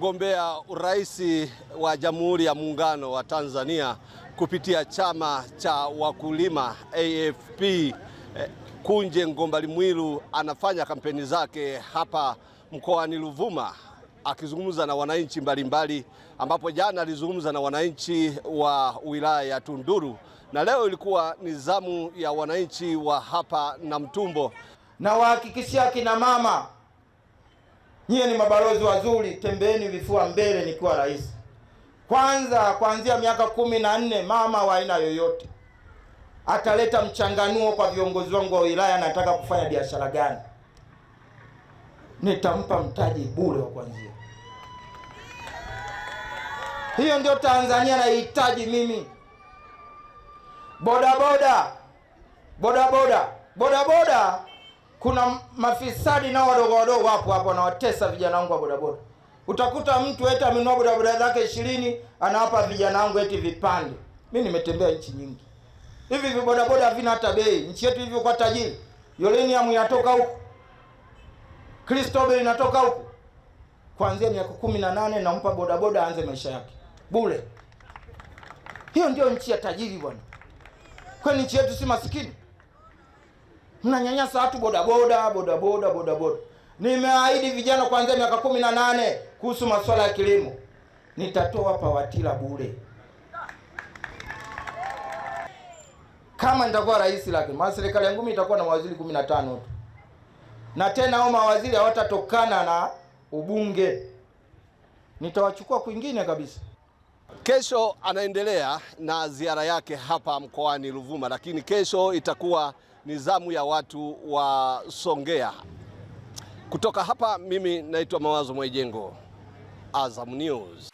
mgombea urais wa Jamhuri ya Muungano wa Tanzania kupitia chama cha wakulima AFP eh, Kunje Ngombali Mwilu anafanya kampeni zake hapa mkoani Ruvuma akizungumza na wananchi mbalimbali, ambapo jana alizungumza na wananchi wa wilaya ya Tunduru na leo ilikuwa ni zamu ya wananchi wa hapa Namtumbo. Nawahakikishia kina mama Nyie ni mabalozi wazuri, tembeeni vifua mbele. Nikiwa rais kwanza, kuanzia miaka kumi na nne, mama wa aina yoyote ataleta mchanganuo kwa viongozi wangu wa wilaya, nataka kufanya biashara gani, nitampa mtaji bure wa kuanzia. Hiyo ndio Tanzania naihitaji mimi. Bodaboda bodaboda bodaboda kuna mafisadi nao wadogo wadogo hapo hapo wanawatesa vijana wangu wa bodaboda. Utakuta mtu eti amenunua bodaboda zake ishirini anawapa vijana wangu eti vipande. Mimi nimetembea nchi nyingi, hivi vibodaboda havina hata bei. Nchi yetu kwa tajiri, uranium inatoka huko, Cristobel inatoka huko. Kuanzia miaka kumi na nane nampa bodaboda aanze maisha yake bure. Hiyo ndio nchi ya tajiri bwana, kwani nchi yetu si masikini? mnanyanyasa watu bodaboda bodaboda bodaboda. Nimeahidi vijana kuanzia miaka kumi na nane kuhusu masuala ya kilimo, nitatoa pawatila bure kama nitakuwa rais, lakini maana serikali ya ngumi itakuwa na mawaziri 15 tu, na tena hao mawaziri hawatatokana na ubunge, nitawachukua kwingine kabisa. Kesho anaendelea na ziara yake hapa mkoani Ruvuma, lakini kesho itakuwa ni zamu ya watu wa Songea. Kutoka hapa mimi naitwa Mawazo Mwaijengo, Azam News.